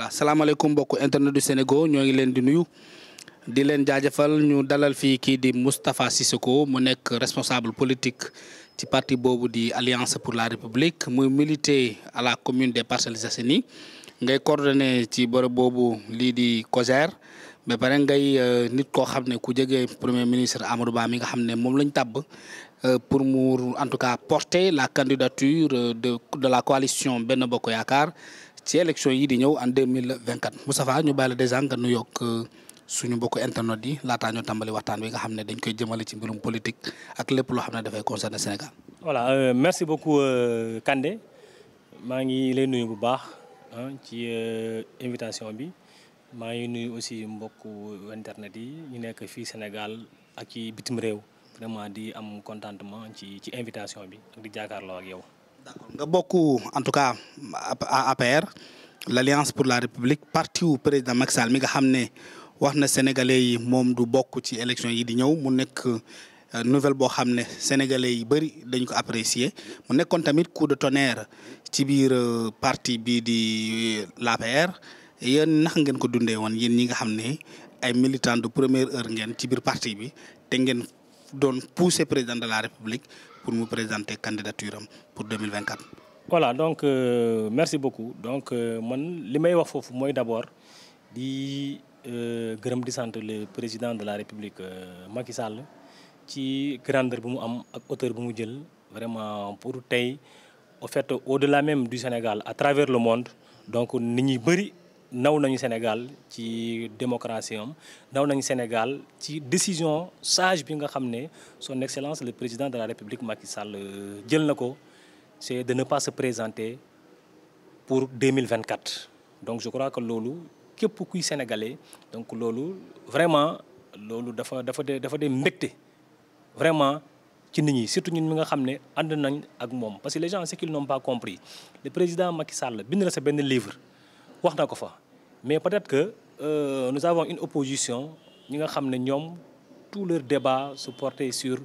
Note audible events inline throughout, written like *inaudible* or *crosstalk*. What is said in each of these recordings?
voilà salaamaaleykum mbokku internet du Sénégal ñoo ngi leen di nuyu di leen jaajëfal ñu dalal fii kii di Moustapha Cissokho mu nekk responsable politique ci parti boobu di Alliance pour la République muy militer à la commune des Parcelles Assainies ngay coordonné ci bërëb boobu lii di COJER mais pare ngay euh, nit koo xam ne ku jege premier ministre Amadou Ba mi nga xam ne moom lañ tàbb euh, pour mu en tout cas porter la candidature euh, de de la coalition benn Bokk Yaakaar. ci élection yi di ñëw en deux mille vingt quatre Moustapha ñu bàyyi la dèjà nga nuyoo ak euh, suñu mbokk internet yi laataa ñoo tàmbali waxtaan wi nga xam ne dañ koy jëmale ci mbirum politique ak lépp loo xam ne dafay concerner Sénégal. voilà euh, merci beaucoup euh, maa ngi lay nuyu bu baax ah, ci euh, invitation bi maa ngi nuyu aussi mbokku internet yi ñu nekk fii Sénégal ak ci bitim réew vraiment di am contentement ci ci invitation bi ak di jàkkaarloo ak yow. nga bokk en tout cas APR l'alliance pour la république parti wu président Macky Sall mi nga xam ne wax na sénégalais yi moom du bokk ci élection yi di ñëw mu nekk euh, nouvelle boo xam ne sénégalais yi bëri dañ ko apprécier mu nekkoon tamit coup de tonnerre ci biir euh, parti bii di euh, l'APR yen nax ngeen ko dundee woon yéen ñi nga xam ne ay militants de première heure ngeen ci biir parti bi te ngeen doon pousser président de la république pour mu présenter candidature am pour 2024. voilà donc euh, merci beaucoup donc euh, man li may wax foofu mooy d'abord di euh, gërëm di sant le président de la république Macky Sall ci grandeur bi mu am ak hauteur bu mu jël vraiment pour tey au fait au de la même du Sénégal à travers le monde donc nit ñi bëri. naw nañu Sénégal ci démocratie am naw nañu Sénégal ci décision sage bi nga xam ne son excellence le président de la république Macky Sall euh, jël na ko c'est de ne pas se présenter pour 2024 donc je crois que loolu képp kuy sénégalais donc loolu vraiment loolu dafa dafa de dafa de mbégte vraiment ci nit ñi surtout ñun mi nga xam ne ànd nañ ak moom parce que les gens ce qu'ils n'ont pas compris le président Macky Sall bind na sa benn livre wax na ko fa mais peut-être que euh, nous avons une opposition ñi nga xam ne ñoom tout leur débat su portait sur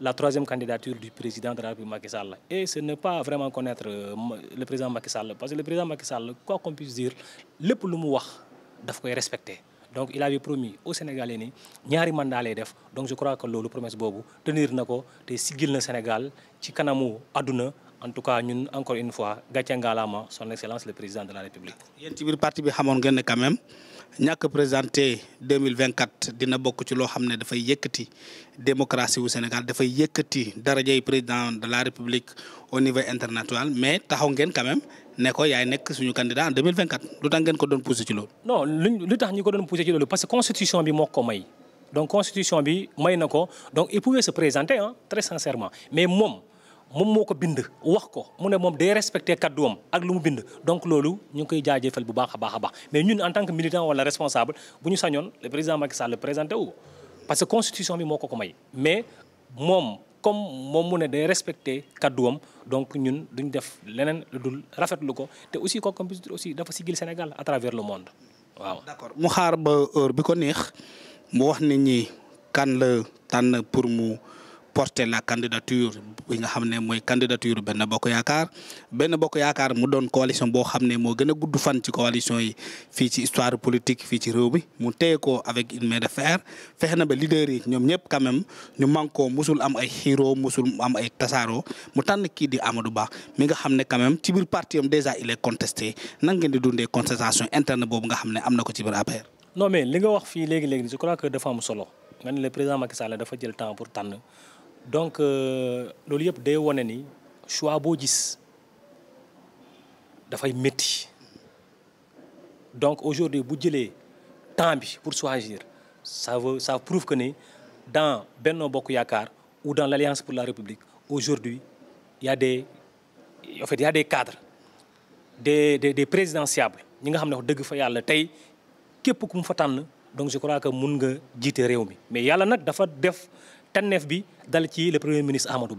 la troisième candidature du président de la République Macky Sall et ce n'est vraiment connaître euh, le président Macky Sall parce que le président Macky Sall dire lépp lu mu wax daf koy respecter donc il avait promis au Sénégalais ni ñaari mandat lay def donc je crois que loolu promesse boobu tenir na ko te siggil na Sénégal ci kanamu àdduna en tout cas ñun encore une fois gàcce ngalaama son excellence le président de la république. yéen ci biir parti bi xamoon ngeen ne quand présenté dina bokk ci loo xam ne dafay yëkkati démocratie wu Sénégal dafay yëkkati darajay président de la république au niveau international mais taxaw ngeen quand yaay nekk suñu candidat lu tax ngeen ko doon poussé ci loolu. parce que constitution bi moo ko may donc constitution bi may na ko donc il pouvait moom moo ko bind wax ko mu ne moom day respecté kàdduwam ak lu mu bind donc loolu ñu ngi koy jaajëfal bu baax a baax a baax mais ñun en tant que militant wala responsable bu ñu sañoon le président Macky Sall présenté wu parce que constitution bi moo ko ko may mais moom comme moom mu ne day respecté kàdduwam donc ñun duñ def leneen lu dul rafetlu ko te aussi ko comme aussi dafa sigil Sénégal à travers le monde waaw. d'accord mu xaar ba heure bi ko neex mu wax nit ñi kan la tànn pour mu. porter la candidature bi nga xam ne mooy candidature benn bokk yaakaar benn bokk yaakaar mu doon coalition boo xam ne moo gën a gudd fan ci coalition yi fii ci histoire politique fii ci réew mi mu téye ko avec une main de fer fexe na ba leader yi ñoom ñëpp quand même ñu mànkoo musul am ay xiiroo musul am ay tasaaroo mu tànn kii di Amadou Ba mi nga xam ne quand même ci biir parti am déjà il est contesté nan ngeen di dundee contestation interne boobu nga xam ne am na ko ci biir APR. mais li nga wax fii am solo nga ne le président Macky Sall dafa jël donc euh, loolu yëpp day wane ni choix boo gis dafay métti donc aujourd'hui bu jëlee temps pour choisir ça veut sa prouve que ni dans Benno Bokk Yaakaar ou dans l'Alliance pour la République aujourd'hui il y a des en fait il y a des cadres des des des présidentiables ñi nga xam ne wax dëgg fa yàlla tey képp ku mu fa tànn donc je crois que mun nga jiite réew mi mais yàlla nag dafa def tànneef bi dal ci le premier ministre Amadou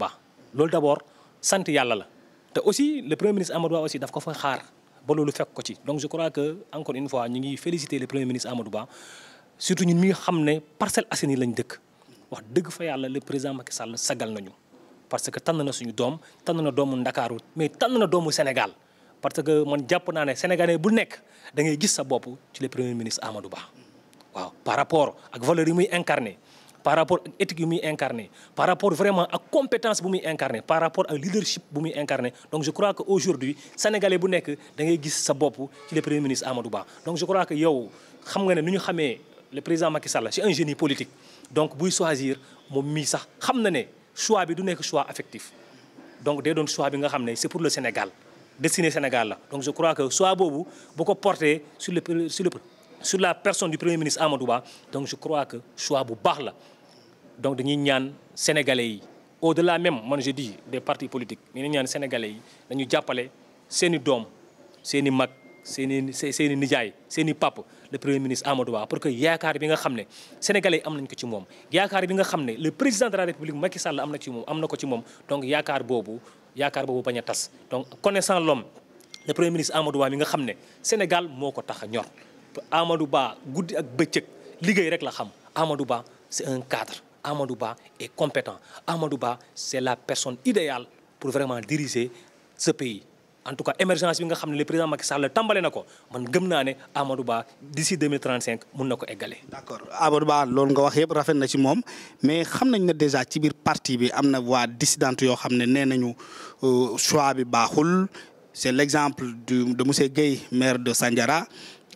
loolu d'abord sant yàlla la te aussi le premier ministre Amadou aussi daf ko fa xaar ba loolu fekk ko ci donc je crois que encore une fois ñu ngi féliciter le premier ministre Amadou Ba surtout ñun mi nga xam ne Parcelles Assainies lañ dëkk wax dëgg fa yàlla le président Macky Sall sagal nañu parce que tànn na suñu doom tànn na doomu Ndakaaru mais tànn na doomu Sénégal parce que man jàpp naa ne sénégalais bu nekk da gis sa bopp ci le premier ministre Amadou Ba waaw par rapport ak valeur yi muy par rapport ak éthique yu muy incarné par rapport vraiment ak compétence bu muy incarné par rapport ak leadership bu muy incarné donc je crois que aujourd'hui sénégalais bu nekk da gis sa bopp ci le premier ministre Amadou je crois que yow xam nga ne nu ñu xamee le président Macky Sall c'est un génie politique donc moom mii sax xam na ne choix bi du nekk choix affectif donc day doon choix bi nga xam ne c'est le Sénégal destiné Sénégal la donc je crois que choix boobu bu ko porté sur la personne du premier ministre Amadou Ba je crois que choix bu baax la donc dañuy ñaan sénégalais yi au de la même man je dis des partis politiques dañuy ñaan sénégalais yi dañu jàppale seen doom seen i mag seen i seen i nijaay seen i pap le premier ministre Amadou Ba pour que yaakaar bi nga xam ne sénégalais yi am ko ci moom. yaakaar bi nga xam ne le président de la république Macky Sall am na ci moom am na ko ci moom donc yaakaar boobu yaakaar boobu bañ a tas donc connaissant l'homme le premier ministre Amadou Ba mi nga xam ne Sénégal moo ko tax a ñor Amadou Ba guddi ak bëccëg liggéey rek la xam Amadou Ba c'est un cadre. Amadou Ba et compétent Amadou Ba c'est la personne idéale pour vraiment diriger ce pays en tout cas émergence bi nga xam ne le président Macky Sall tàmbale na ko man gëm naa ne Amadou Ba d'ici 2035 mun na ko eggale. d'accord Amadou Ba loolu nga wax yëpp rafet na ci moom mais xam nañ na déjà ci biir parti bi am na waa dissidente yoo xam ne nee nañu euh, choix bi baaxul c'est l'exemple du de monsieur Guèye maire de Sandiara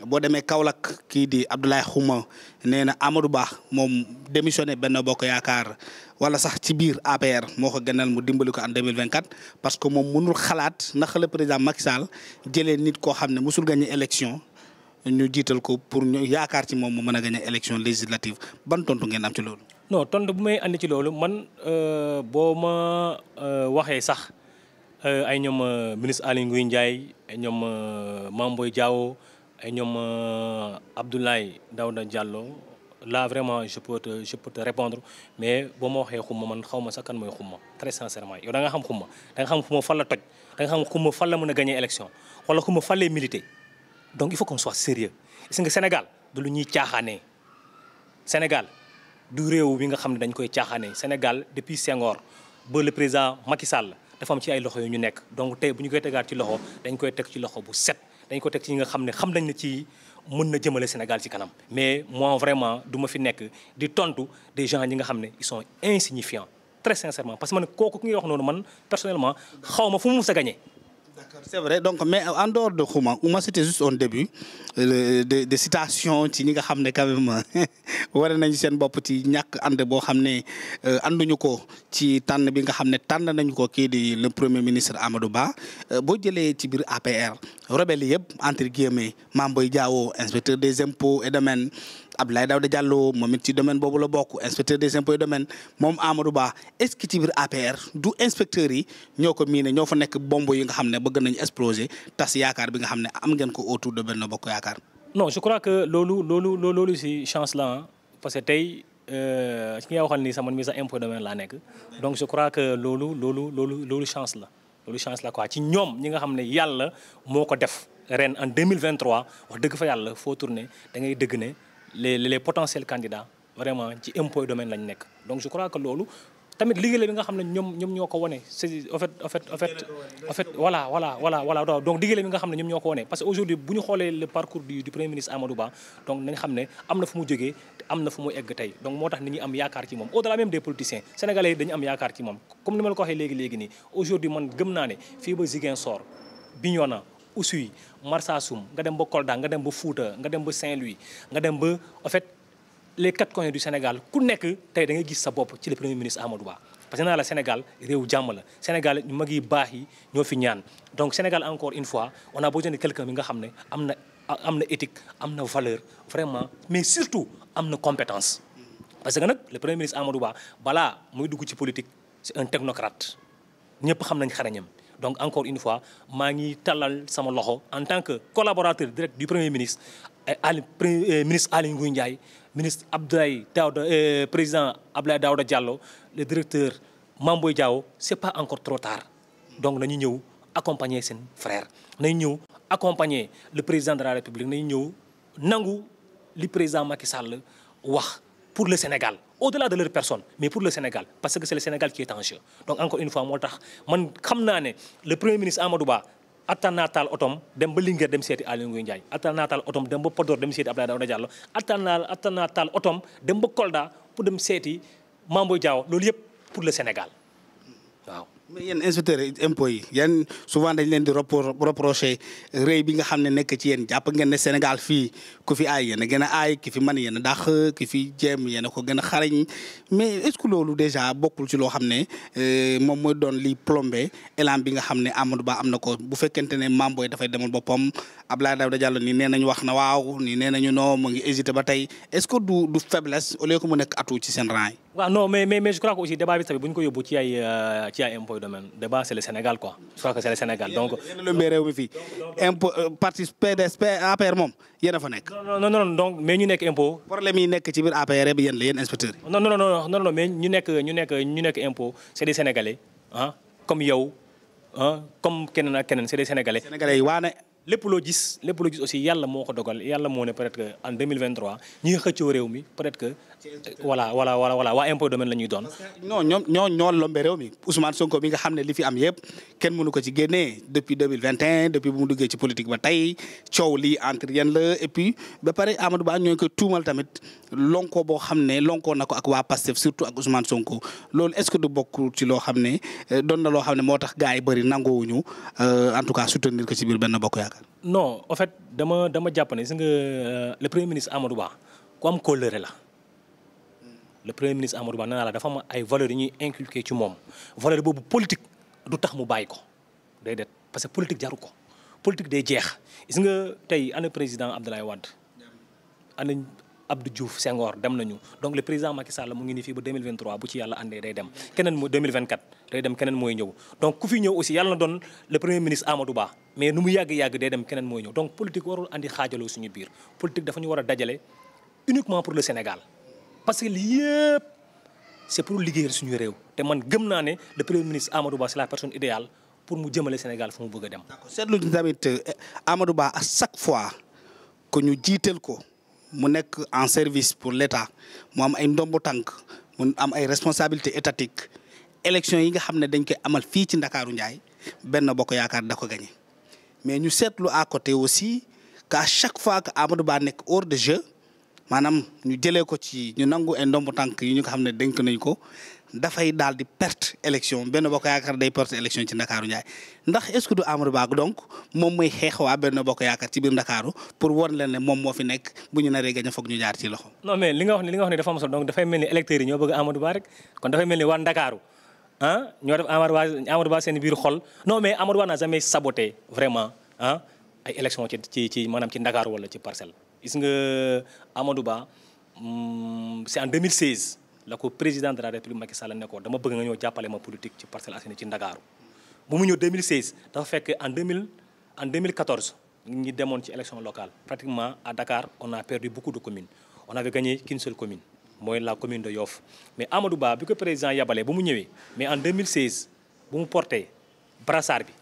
boo demee Kaolack kii di Abdoulaye Xuma nee na Amadou Ba moom démissionné Benno Bokk Yaakaar wala sax ci biir APR moo ko gënal mu dimbali ko en 2024 parce que moom mënul xalaat naka la président Macky Sall jëlee nit koo xam ne musul gagné élection ñu jiital ko pour ñu yaakaar ci moom mu mën a gagné élection législative ban tontu ngeen am ci loolu. non tontu bu may andi ci loolu man euh, boo ma euh, waxee sax euh, ay ñoom ministre Aly Ngouille ñoom Mame jaawo ay ñoom euh, Abdoulaye Daouda Diallo là vraiment je peux te je peux te répondre mais boo ma waxee xumma man xaw ma sax kan mooy xumma très sincèrement yow da nga xam xumma da xam xumma fan la toj da nga xam xumma fan la mën a gagner élection wala xumma fan lay militer donc il faut qu'on soit sérieux gis nga Sénégal du lu ñuy caaxaanee Sénégal du réew bi nga xam ne dañ koy caaxaanee Sénégal depuis Senghor ba le président Macky Sall dafa am ci ay loxo yu ñu nekk donc tey bu ñu koy tegaat ci loxo dañ koy teg ci loxo bu set. dañ ko teg ci ñi nga xam ne xam nañ ne ci mën na jëmale Sénégal ci kanam. mais moi vraiment duma fi nekk di tontu des gens ñi nga xam ne ils sont insignifiants très sincèrement parce que man kooku ki nga wax noonu man personnellement xaw ma fu mu sa gagné. d'accord c'est vrai donc mais en dehors de Xuma Xuma c'était juste un début euh, de de ci ñi nga xam ne quand même *laughs* nañu seen bopp ci ñàkk ànd boo xam ne euh, ànduñu ko ci tànn bi nga xam ne tànn nañu ko kii di le premier ministre Amadou Ba euh, boo jëlee ci biir APR rebelle yëpp entre guillemets Mame Boye inspecteur des impôts et Abdoulaye Daouda Diallo moom it ci domaine boobu la bokk inspecteur des impôts et domaines moom Amadou Ba est-ce du inspecteurs yi ñoo ko miine ñoo fa nekk bombo yi nga xam ne bëgg nañu exploser tas yaakaar bi nga xam ne am ngeen ko autour de Benno Bokk Yaakaar. loolu loolu loolu parce que tey ci euh, nga waxal ni sama mi sax impôt domaine laa nekk donc je crois que loolu loolu loolu loolu chance la loolu chance la quoi ci ñoom ñi nga xam ne yàlla moo ko def ren en 2023 wax dëgg fa yàlla foo tourné da ngay dëgg ne. les les potentiels vraiment ci impôt domaine lañ nekk donc je crois que loolu tamit liggéey bi nga xam ne ñoom ñoo ko wone c'est en fait en fait en fait en fait voilà voilà ñoo ko wone aujourd'hui bu ñu xoolee le parcours du premier ministre Amadou Ba donc nañ xam ne am na fu mu jógee te am na fu mu egg tey donc moo tax nit ñi am yaakaar ci moom au-delà même des politiciens sénégalais yi aujourd'hui man gëm naa ne fii ba Ziguinchor Bignona Oussouye Marsassoum nga dem ba Kolda nga dem ba Fouta nga dem ba Saint-Louis nga dem ba en fait quatre coins du Sénégal ku nekk tey da nga gis sa bopp ci le premier ministre Amadou Ba parce que naa la Sénégal réew jàmm la Sénégal mag yi baax yi ñoo fi ñaan donc Sénégal encore une fois on a besoin de quelqu'un bi nga xam ne am na am na éthique am na valeur vraiment mais surtout am na compétence parce que nag le premier ministre Amadou Ba balaa muy dugg ci politique c'est un technocrate donc encore une fois maa ngi tàllal sama loxo en tant que collaborateur direct du premier ministre eh, Aliou eh, ministre Aly Ngouille Ndiaye ministre Abdoulaye Daouda eh, président Abdoulaye Daouda Diallo le directeur Mame Boye Diao c'est pas encore trop tard donc nañu ñëw accompagner seen frère nañu ñëw accompagner le président de la République nañu ñëw nangu li président Macky Sall wax pour le Sénégal au-delà de leur personne mais pour le Sénégal parce que c'est le Sénégal qui est en donc encore une fois moo tax man xam naa ne le premier ministre Amadou Ba attan naa taal otom dem ba Linguère dem seeti Aly Ngouille Ndiaye attan naa taal otom dem ba Podor dem seeti Abdoulaye Daouda Diallo naa taal otom dem ba Kolda pour dem seeti Mamboy Diaw loolu yëpp pour le Sénégal mais yéen inspecteurs yi impôts yi yéen souvent dañ leen di reprocher réy bi nga xam ne nekk ci yéen jàpp ngeen ne Sénégal fii ku fi aay yéen a gën aay ki fi man yéen a ki fi jéem yéen a ko gën a xarañ mais est-ce que loolu déjà bokkul ci loo xam ne euh, moom mooy doon li plombé élan bi nga xam ne Amadou Ba am na ko bu fekkente ne Mame Boye dafay demal boppam Abdoulaye Daouda Diallo nii nee nañu wax na waaw nii nee nañu non mu ngi hésité ba tey est-ce que du du faiblesse au lieu que mu nekk atu ci seen rang yi. mais mais mais je crois domaine débat c'est le Sénégal quoi je crois que c'est le Sénégal donc. yéen a réew mi fii impôt euh, parti PDS APR moom a fa nekk. donc mais ñu nekk impôt. c'est des Sénégalais comme yow comme keneen ak c'est des Sénégalais. Sénégalais lépp loo gis lépp loo gis aussi moo ko dogal yàlla moo ne peut-être que en 2023 ñi nga xëccoo réew mi peut-être que voilà voilà voilà voilà waa impôt domaine la ñuy doon non ñoom ñoo ñoo lombe réew mi Ousmane Sonko mi nga xam ne li fi am yëpp kenn mënu ko ci génnee depuis 2021 depuis bu mu duggee ci politique ba tey coow lii entre yéen la et puis ba pare Amadou Ba ñoo ngi koy tuumal tamit lonko boo xam ne lonkoo na ko ak waa Pastef surtout ak Ousmane Sonko loolu est-ce que du bokk ci loo xam ne doon loo xam ne moo tax gars yi bëri nangoowuñu euh, en tout cas soutenir ko ci biir benn bokk yaa yaakaar. non en fait dama dama jàpp ne si nga euh, le premier ministre Amadou Ba ku am kóllëre la le premier ministre Amadou Ba naa la dafa am ay valeur yu ñuy inculqué ci moom valeur boobu politique du tax mu bàyyi ko day det parce que politique jaru ko politique day jeex gis nga tey ana président Abdoulaye Wade ana Abdou Diouf Senghor dem nañu donc le président Macky Sall mu ngi nii fii ba 2023 bu ci yàlla àndee day dem keneen mooy 2024 day dem keneen mooy ñëw donc ku fi ñëw aussi yàlla na doon le premier ministre Amadou Ba mais nu mu yàgg-yàgg day dem keneen mooy ñëw donc politique warul andi xaajaloo suñu biir politique dafa ñu war dajale uniquement pour le Sénégal parce que lii yëpp c'est pour liggéeyal suñu réew te man gëm naa ne le premier ministre Amadou Ba c'est la personne idéale pour mu jëmale Sénégal fu mu bëgg a dem. d'accord seetlu tamit euh, Amadou Ba à fois que ñu jiital ko. mu nekk en service pour l'État mu am ay ndombu tànk mu am ay responsabilité étatique élection yi nga xam ne dañ koy amal fii ci Ndakaaru Njaay benn bokk yaakaar da ko gagné mais ñu seetlu à côté aussi qu'à chaque fois que Amadou Ba nekk hors de jeu manam ñu jëlee ko ci ñu nangu ay ndombu tànk yi ñu nga xam ne dénk nañ ko dafay daal di perte élection benn bokk yaakaar day perte élection ci ndakaaru Ndiaye ndax est-ce que du Amadou donc moom mooy xeex waa benn bokk yaakaar ci biir ndakaaru pour won leen ne moom moo fi nekk bu ñu naree gañ foog ñu jaar ci loxo. non mais li nga wax ni li nga wax ni dafa am solo donc ñoo bëgg Amadou Ba rek kon dafay mel ni waa ndakaaru ah ñoo def Amadou Ba Amadou Ba seen biir xol non mais Amadou n'a jamais saboté vraiment ah ay élection ci ci ci maanaam ci ndakaaru wala ci parcelle gis nga Amadou Ba hmm, c'est en la ko président de la république Macky Sall ne ko dama bëgg nga ñëw jàppale ma politique ci Parcelles Assainies ci Ndakaaru bu mu ñëw 2016 dafa fekk en 2000 demoon ci élection locale pratiquement à Dakar on a perdu beaucoup de communes on avait gagné qu'une seule commune mooy la commune de Yoff mais Amadou Ba bi ko président yabalee bu mu ñëwee mais en 2016 bu mu porté brassard bi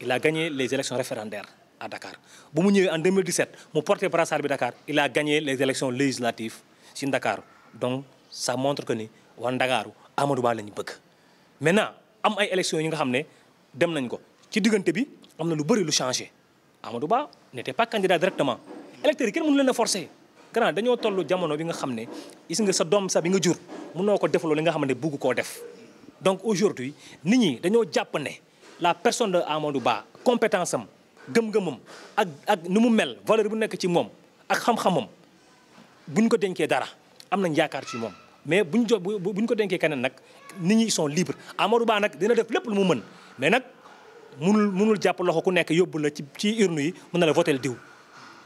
il a gagné les élections référendaires à Dakar bu mu ñëwee en 2017 mu porté brassard bi Dakar a gagné les élections législatives ci Dakar sa montre que ni waa Ndakaaru Amadou Ba la ñu bëgg maintenant am ay élections yi nga xam ne dem nañ ko ci diggante bi am na lu bëri lu changé Amadou Ba n'était pas candidat directement électeurs leen a forcer grand dañoo toll jamono bi nga xam ne gis nga sa doom sax bi nga jur mënoo ko defaloo li nga xam ne buggu koo def donc aujourd'hui nit ñi dañoo jàpp ne la personne de Amadou Ba compétence am gëm-gëmam ak ak nu mu mel valeur bu nekk ci moom ak xam-xamam buñ ko denkee dara am nañ yaakaar ci moom mais bu ñu jo bu ñu ko denkee keneen nag nit ñi sont libres Amadou Ba nag dina def lépp lu mu mën mais nag munul munul jàpp loxo ku nekk yóbbu la ci ci yi mun na la votel diw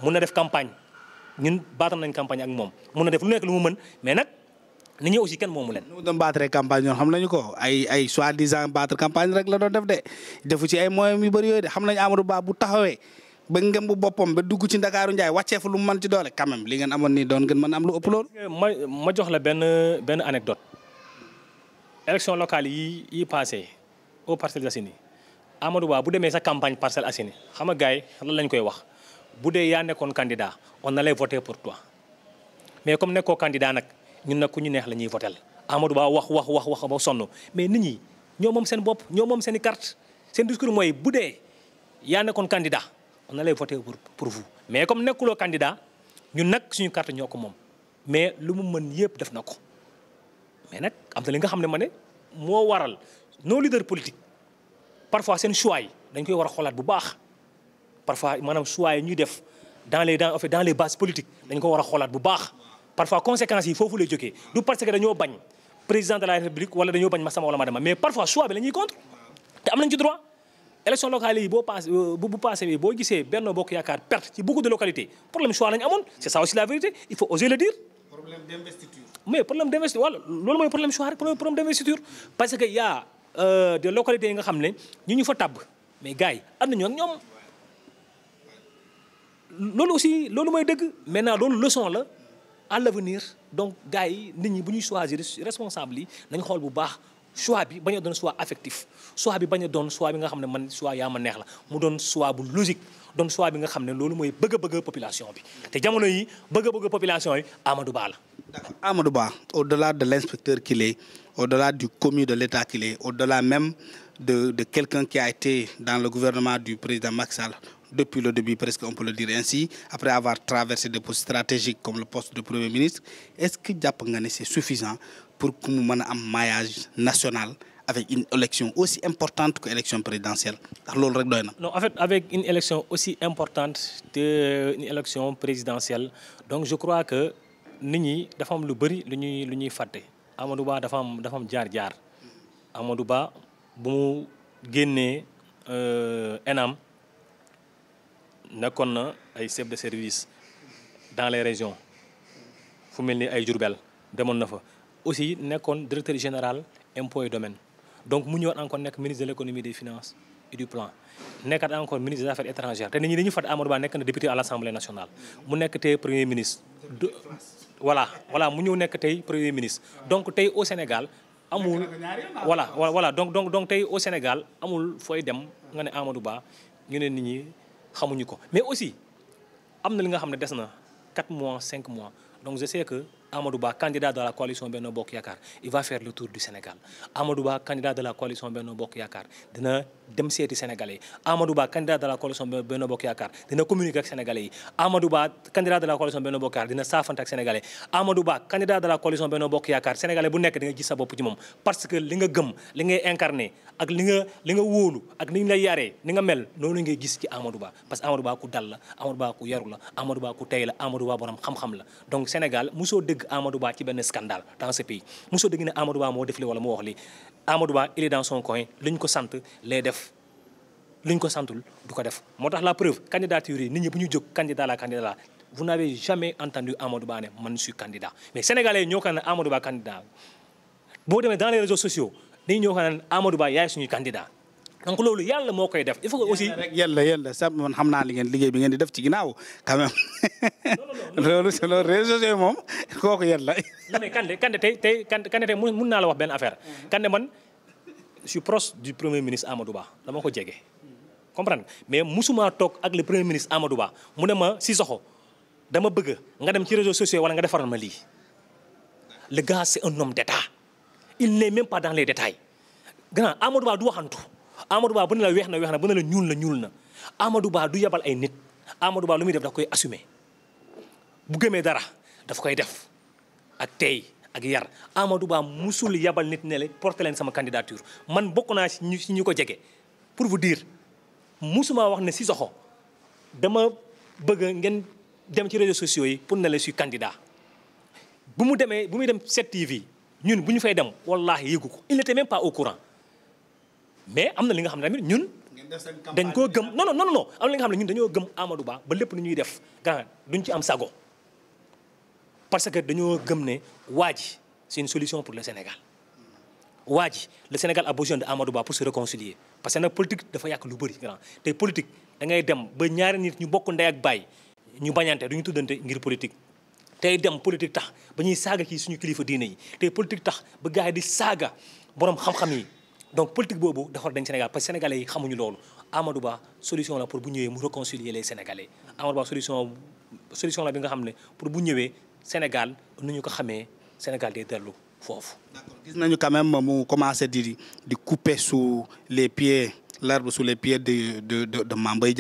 mun na def campagne ñun baatam nañ campagne ak moom mun na def lu nekk lu mu mën mais nag nit ñi aussi kenn moomu leen. nu doon battre campagne ñoom xam nañu ko ay ay soi-disant campagne rek la doon def de defu ci ay moyens yu bëri yooyu de xam nañ Amadou Ba bu taxawee. ba bu boppam ba dugg ci Ndakaaru Njaay wàccee fa lu man mën ci doole quand li ngeen amoon ni doon ngeen mën am lu ëpp loolu. ma ma jox la benn benn anecdote élection locale yi yi passé au Parcelles Assainies Amadou Ba bu demee sa campagne Parcelles Assainies xam nga gars yi lan lañ koy wax bu dee yaa nekkoon candidat on allait voter pour toi mais comme nekkoo candidat nag ñun nag ku ñu neex la ñuy votel Amadou wax wax wax wax ba sonn mais nit ñi ñoo moom seen bopp ñoo moom seen i carte seen discours mooy bu dee yaa nekkoon candidat. on allait voter pour pour vous. mais comme nekkuloo candidat ñun nag suñu carte ñoo ko moom mais lu mu mën yëpp def na ko mais nag am na li nga xam ne ma ne moo waral nos leaders politiques parfois seen choix yi dañ koy war a xoolaat bu baax parfois maanaam choix yi ñuy def dans les dañ ko war a xoolaat bu baax parfois conséquences yi foofu lay jógee du parce que dañoo bañ président de la république wala dañoo bañ ma sama wala ma dama mais parfois choix bi la ñuy contre te am nañ ci droit. élection locale yi boo paase euh, bu paase boo gisee Benno Bokk Yaakaar perte ci beaucoup de localités problème choix lañu amoon c'est ça aussi la vérité il faut oser le dire. mais problème d'investiture wala loolu mooy problème choix rek problème parce que y a euh, des nga xam ne ñu ñu fa tàbb mais gars yi am nañu ak ñoom. loolu aussi loolu mooy dëgg maintenant loolu leçon la à l'avenir donc gars yi nit ñi bu ñuy choisir responsable yi nañ xool bu baax. choix bi bañ a doon choix bi bañ a doon choix bi nga xam ne man choix yaa ma neex la mu doon choix bu logique doon choix bi nga xam ne loolu mooy bëgg-bëgg population bi te jamono yi bëgg-bëgg population yi Amadou la. d'accord Amadou Ba au-delà de l'inspecteur qu'il est au-delà du commis de l'État qu'il est au-delà même de de quelqu'un qui a été dans le gouvernement du président Macky Sall depuis le début presque on peut le dire ainsi après avoir traversé des postes stratégiques comme le poste de premier ministre est-ce que jàpp pour que mu mën a am maillage national avec une élection aussi importante que élection présidentielle ndax loolu rek doy na. non en fait avec une élection aussi importante que une élection présidentielle donc je crois que nit ñi dafa am lu bëri lu ñuy lu ñuy fàtte Amadou Ba dafa am dafa am jaar-jaar Amadou Ba bu mu génnee euh, ENAM nekkoon na ay chef de service dans les régions fu mel ni ay Diourbel demoon na fa. aussi nekkoon directeur général impôts et domaines donc mu ñëwaat encore nekk ministre de l' économie des finances et du plan nekkat encore ministre des affaires étrangères te nit ñi dañuy fàtte Amadou Ba nekk na député à l' assemblée nationale mu nekk tey premier ministre. voilà voilà mu ñëw nekk tey premier ministre donc tey au Sénégal. amul voilà voilà donc donc donc tey au Sénégal amul fooy dem nga ne Amadou Ba ñu ne nit ñi xamuñu ko mais aussi am na li nga xam ne des na 4 mois cinq mois donc je sais Amadou Ba candidat de la coalition Benno Bokk Yaakaar il va faire le tour du Sénégal Amadou Ba candidat de la coalition dina dem seeti Sénégalais yi Amadou Ba de la coalition Benno Bokk Yaakaar dina communiquer ak Sénégalais yi Amadou Ba candidat de la coalition Benno Bokk Yaakaar dina bu nekk di nga gis sa bopp moom parce que li nga gëm li ngay incarné ak li nga wóolu ak ni ñu la yaree ni nga mel noonu ngay gis ci Amadou Ba parce que Amadou Ba ku dal la Amadou Ba ku yaru la Amadou Ba ku tey la Amadou Ba borom xam la dégg Amadou Ba ci benn scandale dans ce pays mosoo dégg ne Amadou Ba moo def li wala moo wax li Amadou Ba il est dans son coin ko sant lay def lu ñu ko santul du ko def moo tax la preuve candidature yi nit ñi bu ñu jóg candidat la candidat la vous n'avez jamais entendu Amadou Ba ne man suis candidat mais sénégalais ñoo xam ne Amadou Ba candidat boo demee dans les réseaux sociaux dañu ñoo xam ne Amadou Ba yaay suñu candidat donc loolu yàlla moo koy def il faut que aussi. yàlla rek yàlla yàlla sax xam naa li ngeen liggéey bi ngeen di def ci ginnaaw quand même *laughs* loolu si loolu réseaux sociaux moom kooku yàlla. non mais Kande Kande tey tey Kande Kande tey mun naa la wax benn affaire. Mhm. Kande man je suis proche du premier ministre Amadou Ba dama ko jege. comprendre mais musuma toog ak le premier ministre Amadou Ba mu ne ma Sissoko dama bëgg nga dem ci réseaux sociaux wala nga defaral ma lii. le gars c'est un homme d'état il n'est même pas dans les détails grand Amadou Amadou Ba bu ne la weex na weex na bu ne la ñuul na ñuul na Amadou Ba du yabal ay nit Amadou Ba lu muy def daf koy assumer bu gëmee dara daf koy def ak tey ak yar amadu Ba musul yabal nit ne la porté sama candidature man bokk naa si ñu ñu ko jege pour vous dire musuma wax ne Sissoko dama bëgg ngeen dem ci réseaux sociaux yi pour ne la suy candidat bu mu demee bu muy dem 7TV ñun bu ñu fay dem wallahi yëgu ko il n'était même pas au courant mais am na li nga xam ne tamit ñun. dañ koo gëm non non non non am na li nga xam ne ñun dañoo gëm Amadou Ba ba lépp lu ñuy def gannaaw duñ ci am sago parce que dañoo gëm ne waa ji c'est une solution pour le Sénégal. waa ji le Sénégal a besoin de Amadou Ba pour se réconcilier parce que nag politique dafa yàq lu bëri grand te politique da ngay dem ba ñaari nit ñu bokk ndey ak baay ñu bañante du ñu tuddante ngir politique. tey dem politique tax ba ñuy saaga kii suñu kilifa diine yi tey politique tax ba gars yi di saaga borom xam-xam yi. donc politique boobu dafa dañ Sénégal parce que sénégalais yi xamuñu loolu Amadou Ba solution la pour bu ñëwee mu réconcilier les sénégalais Amadou Ba solution solution la bi nga xam ne pour bu ñëwee Sénégal nu ñu ko xamee Sénégal day dellu foofu. gis nañu quand même mu commencé di di couper su les pieds l'herbe sous les pieds de de de de Mame Boye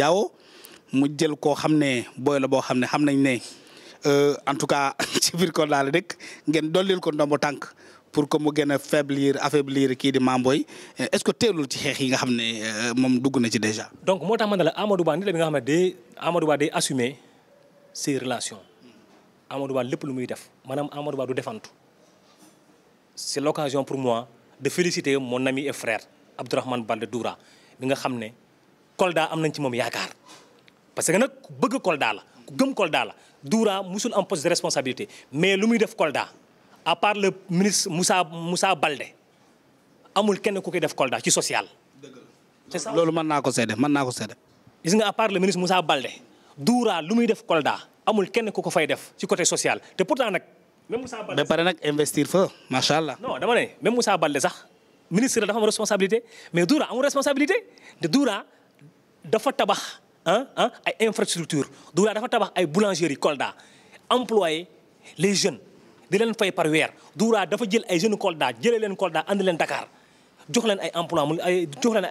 mu jël koo xam ne booy la boo xam ne xam nañ ne euh, en tout cas *laughs* ci biir Kolda la rek ngeen dollil ko ndombo tànk. pour que mu gën a faiblir affaiblir kii di Mamboy euh, est-ce que teelul ci xeex yi nga xam ne euh, moom dugg na ci déjà. donc moo tax man la Amadou Ba nit la bi nga xam ne day Amadou Ba day assumer ses relations lépp lu muy def maanaam Amadou Ba du defantu c'est pour moi de féliciter mon ami et frère Abdourahmane Baldé Doura bi nga xam ne Kolda am nañ ci moom yaakaar parce que nag ku bëgg Kolda la ku gëm Kolda la Doura musul am poste de responsabilité mais lu muy def Kolda. à part le ministre Moussa Moussa Balde amul kenn ku koy def Kolda ci social. c'est ça loolu mën naa ko seede mën naa ko seede. gis nga à part le ministre Moussa Doura lu muy def Kolda amul kenn ku ko fay def ci côté sociale te pourtant nag. même Moussa pare nag investir fa macha allah. non dama ne même Moussa Balde sax ministre dafa am responsabilité mais Doura amul responsabilité te dafa tabax ay infrastructure Doura dafa tabax ay boulangerie Kolda employé les jeunes. di leen fay par weer Doura dafa jël ay jeunes Kolda jëlee leen Kolda andi leen Dakar jox leen ay emploi mu ay jox leen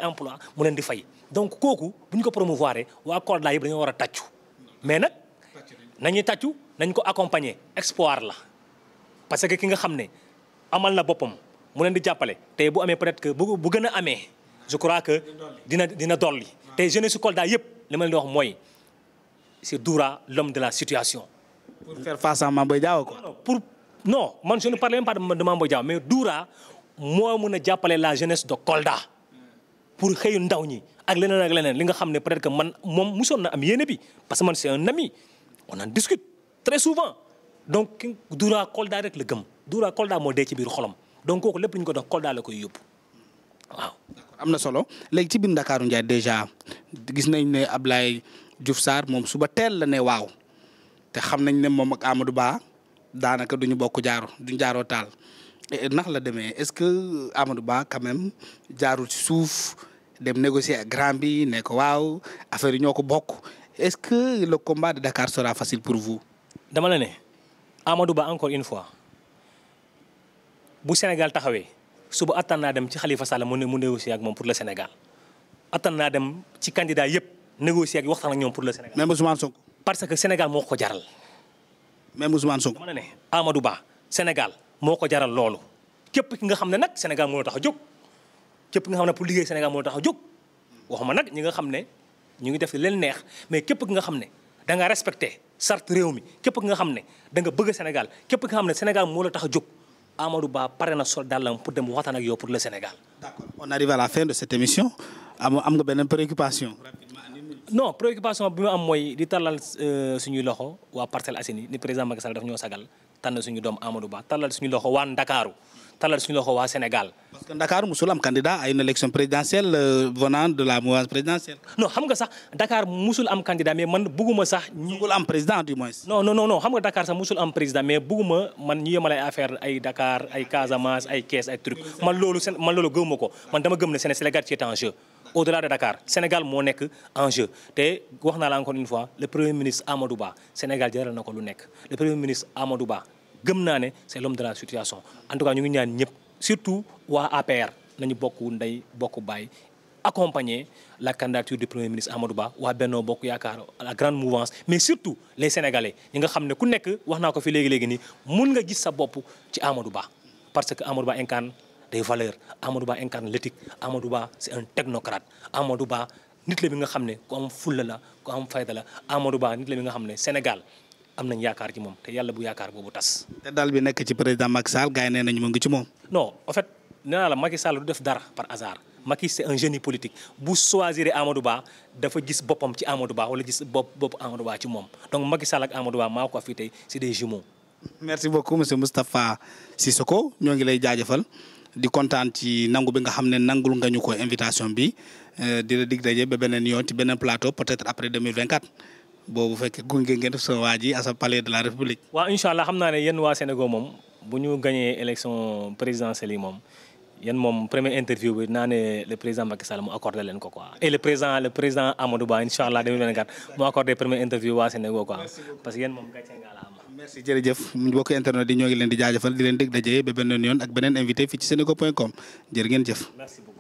leen di fay donc kooku bu ñu ko promouvoir waa Kolda yëpp dañoo war a tàccu mais nag nañuy taccu nañ ko accompagner espoir la parce que ki nga xam ne amal na boppam mu leen di jàppale tey bu amee peut-être que bu bu gën a amee je crois que dina dina dolli tey jeunesse su Kolda yëpp li ma leen di wax mooy c'est Doura l'homme de la situation. non man je ne parlais même pas de Mambo Dia mais Doura moo mën a jàppale la jeunesse de Kolda pour xëyu ndaw ñi ak leneen ak leneen li nga xam ne peut-être que man moom mosoon na am yéene bi parce que man c'est un ami on en discute très souvent donc Doura colda rek la gëm Doura colda moo dee ci biir xolom donc kooku lépp lu ñu ko dox Kolda la koy yóbbu am na solo léegi ci biir Ndakaaru Ndiaye déjà gis nañ ne Ablaye Diouf saar moom suba teel la ne waaw te xam nañ ne moom ak Amadou Ba. daanaka du ñu bokk jaaro duñ jaaroo taal eh, eh, nax la demee est-ce que Amadou Ba quand même jaarul ci suuf dem négocier ak grand bi nekk waaw affaire yi ñoo ko bokk est-ce que le combat de Dakar sera facile pour vous. dama la ne Amadou Ba encore une fois bu Sénégal taxawee suba attan naa dem ci xalifa Sall mu ne mu négocier ak moom pour le Sénégal attan naa dem ci candidat yëpp négocier ak waxtaan ak ñoom pour le Sénégal. même Ousmane Sonko. parce que Sénégal moo ko jaral. même Ousmane Sonko. dama ne Amadou Ba Sénégal moo ko jaral loolu képp ki nga xam ne nag Sénégal moo tax a jóg képp nga xam ne pour liggéey Sénégal moo tax a jóg waxuma nag ñi nga xam ne ñu ngi def leen neex mais képp ki nga xam ne da nga respecté charte réew mi képp ki nga xam ne da nga bëgg Sénégal képp ki nga xam ne Sénégal moo la tax jóg Amadou Ba pare na sol dàllam pour dem waxtaan ak yow pour le Sénégal. d'accord on arrive à la fin de cette émission am am nga beneen préoccupation. non préoccupation bi mu am mooy di tallal euh, suñuy loxo waa Parcelles Assainies ni président Macky Sall daf ñoo sagal tànn suñu doom Amadou Ba tallal suñu loxo waa Ndakaaru tallal suñu loxo waa Sénégal. parce que Dakar musul am candidat à une élection présidentielle euh, venant de la mouvance présidentielle. non nga sax Dakar musul am candidat mais man bugguma sax. ñu président du moins. non non non xam nga Dakar sax musul am président mais bugguma man ñu yemal ay affaire ay Dakar ay Casamance ay Kees ay truc man loolu seen man loolu gëmuma ko man dama gëm ne Sénégal ci est en au-delà de Dakar Sénégal moo nekk enjeu te wax naa la encore une fois le premier ministre Amadou Ba Sénégal jaral na ko lu nekk le premier ministre Amadou Ba gëm naa ne c'est l'homme de la situation en tout cas ñu ngi ñaan ñëpp surtout waa APR nañu bokk ndey bokk baay accompagner la candidature du premier ministre Amadou Ba waa Benno Bokk Yaakaar la grande mouvance mais surtout les Sénégalais ñi nga xam ne ku nekk wax naa ko fi léegi-léegi ni mun nga gis sa bopp ci Amadou Ba parce des valeurs Amadou Ba incarne l'éthique Ba c'est un technocrate Amadou Ba nit la bi nga xam ne ku am fulla la ku am fayda la Amadou Ba nit la bi nga xam ne Sénégal am nañ yaakaar ci moom te yàlla bu yaakaar boobu tas. te daal bi nekk ci président Macky Sall gars yi nee nañu mu ngi ci moom. non en fait nee naa la Macky Sall du def dara par hasard Macky c'est un génie politique bu choisir Amadou dafa gis boppam ci Amadou Ba wala gis bopp bopp Amadou Ba ci moom donc Macky Sall ak Amadou Ba maa ko fi tey c'est des jumeaux. merci beaucoup monsieur ñoo ngi lay jaajëfal. di kontaan ci nangu bi nga xam ne nangul nga ko invitation bi euh, di la dig daje ba beneen yoon ci beneen plateau peut-être après 2024 boobu gunge ngeen def sa waa sa palais de la république. waaw incha allah xam naa ne yéen waa Sénégal moom bu ñu gagné élection présidentielle yi moom yéen moom premier interview bi naa ne le président Macky Sall mu accordé leen ko quoi. et le président le Amadou Ba incha allah mu accordé premier interview waa Sénégal quoi parce que yéen merci jërëjëf mbokk internet yi ñoo leen di jaajëfal di leen dégg daje ba beneen yoon ak beneen invité fii ci senego point com jërë jëf.